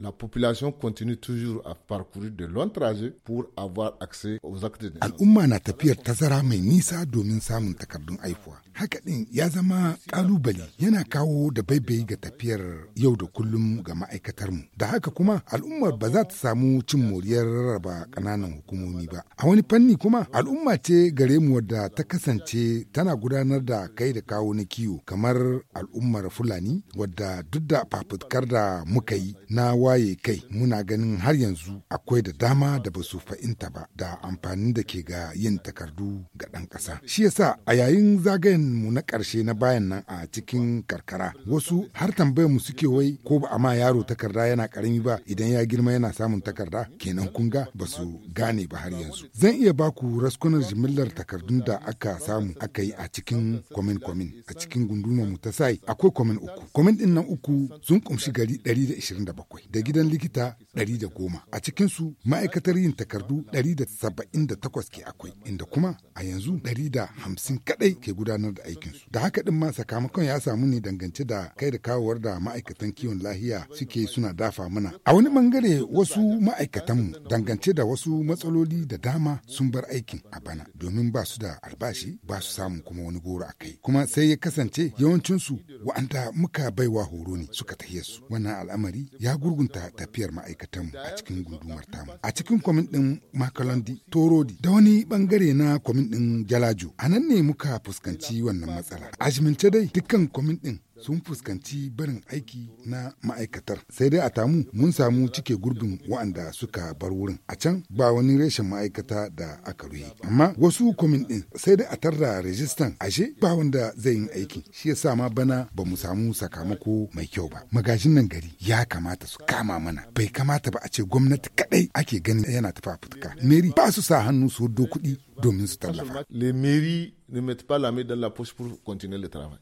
la population continue toujours à parcourir de longs trajets pour avoir accès aux actes de Al'umma na tafiyar tazara mai nisa domin samun takardun aifuwa. Haka ɗin ya zama ƙalubale yana kawo da baibayi ga tafiyar yau da kullum ga ma'aikatar mu. Da haka kuma al'ummar ba za ta samu cin moriyar rarraba ƙananan hukumomi ba. A wani fanni kuma al'umma ce gare mu wadda ta kasance tana gudanar da kai da kawo na kiwo kamar al'ummar Fulani wadda duk da fafutkar da muka yi na waye kai muna ganin har yanzu akwai da dama da ba su fahimta ba da amfanin da ke ga yin takardu ga ɗan ƙasa. Shi yasa a yayin zagayen mu na ƙarshe na bayan nan a cikin karkara wasu har tambayar mu suke wai ko ba a ma yaro takarda yana ƙarami ba idan ya girma yana samun takarda kenan kun ga ba su gane ba har yanzu. Zan iya ba ku raskunar jimillar takardun da aka samu aka yi a cikin kwamin kwamin a cikin gundumar mu ta sai akwai kwamin uku. Kwamin ɗin nan uku sun kumshi gari 127 da gidan likita da goma a cikinsu ma'aikatar yin takardu da da saba'in 178 ke akwai inda kuma a yanzu da hamsin kadai ke gudanar da aikinsu da haka din ma sakamakon ya samu ne dangance da kai da kawowar da ma'aikatan kiwon lahiya suke suna dafa mana a wani bangare wasu ma'aikatanmu dangance da wasu matsaloli da dama sun bar aikin a bana domin ba su da albashi ba su samun kuma wani goro a kai kuma sai ya kasance yawancinsu wa'anda muka baiwa horo ne suka su wannan al'amari ya gurgunta tafiyar ma'aikata ma'aikatan a cikin gundumar tamu a cikin kwamin ɗin makalandi torodi da wani bangare na kwamin ɗin jalajo a nan ne muka fuskanci wannan matsala a dai dukkan kwamin ɗin sun fuskanci barin aiki na ma'aikatar sai dai a tamu mun samu cike gurbin waɗanda suka bar wurin a can ba wani reshen ma'aikata da aka ruhe amma wasu kwamin ɗin sai dai a tarra rajistan ashe ba wanda zai yi aiki shi ya sa ma bana ba mu samu sakamako mai kyau ba magajin nan gari ya kamata su kama mana bai kamata ba a ce gwamnati kaɗai ake ganin yana tafa futuka meri ba su sa hannu su kuɗi domin su tallafa. Les meri ne met pas la main dans la poche pour continuer le travail.